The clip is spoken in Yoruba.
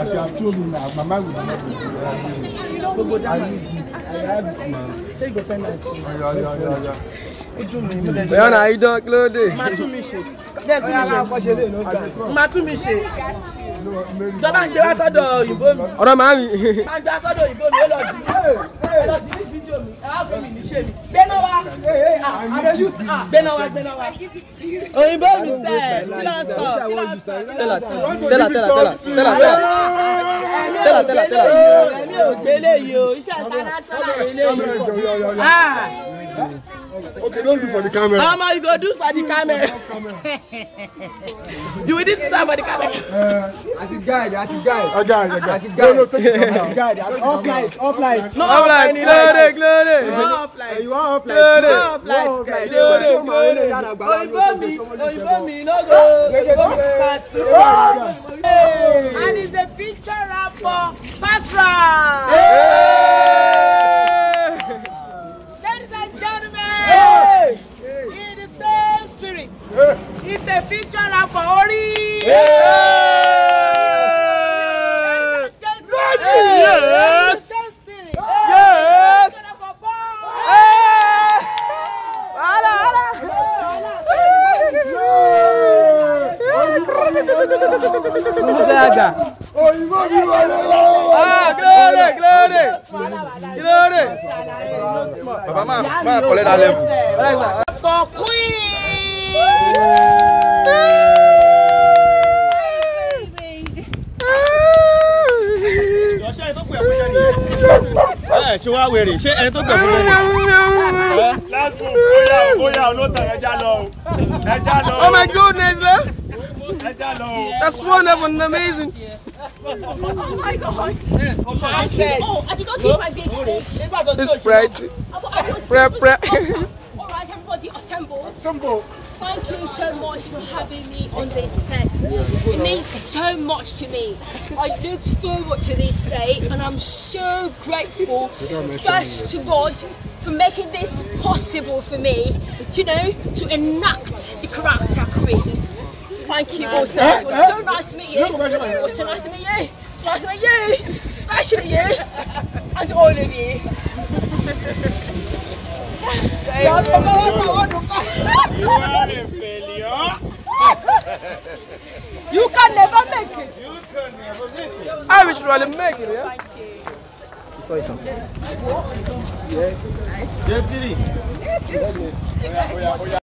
As you have told me now, my mind will be not be I need it. I have it now. Ṣé ìgbésẹ̀ náà ti? Ọ̀yọ̀ ọ̀yọ̀ ọ̀yọ̀ ọ̀yọ̀. Ojú mi mo lè ṣe. Bẹ́ẹ̀ náà idán kí ló dé? Má tún mi ṣe. Bẹ́ẹ̀ tún mi ṣe. Ọ̀yọ̀ ṣe lè ló gbà. Má tún mi ṣe. Ìjọba ń gbé wá sọ́dọ̀ òyìnbó mi. Ọ̀rọ̀ màá mi. Má gbé wá sọ́dọ̀ òyìnbó mi. Ó lọ dì í. fídíò mi. Ẹ wá fún mi níṣẹ́ mi. Ah, ah, ah. I don't use ah gbẹnawa gbẹnawa. Òyìnbó mi sẹ́ ẹ̀ lọ́sọ̀. Tẹ́lá tẹ́lá tẹ́lá tẹ́lá tẹ́lá tẹ́lá tẹ́lá tẹ́lá. Èmi ò gbélé yìí o, iṣẹ́ international eléyìí. Okay, don't do for the camera. Mama, you go do for the camera. you will need to stand for the camera. Uh, as a guide, as a guide. A guide, a guide. As a guide. No, no, take it As a guide. Off light, off light. No, off light. Glory, glory. No, off light. You are off light. Glory. No, off light. Glory, glory. Òyìnbó mi, òyìnbó mi, no go. Òyìnbó mi, pass. It's a feature of Ori. yes, Yes. Yes. Yes. Yes. Yes. wà lọ́wọ́. Ah, glory, glory, glory. Bàbá máa kọ́lé dálẹ́ fún. For queen ṣe wèrè ṣé ẹni tó gbẹ̀fún lẹ́yìn. last move bóyá bóyá olóòtú ẹja lọ o ẹja lọ o. oh my goodness ẹja lọ o. that's wonderful and amazing. oh my god. oh i did not keep my big stage. it's bright. pre pre. all right everybody assemble. assemble. Thank you so much for having me on this set. It means so much to me. I looked forward to this day and I'm so grateful, first to God, for making this possible for me, you know, to enact the character queen. Thank you all so much. It was so nice to meet you. It was so nice to meet you. It's nice to meet you, especially you, and all of you. make ah, it. You can never make it. I wish surely make it, yeah? Thank you. Sorry, something. Yeah.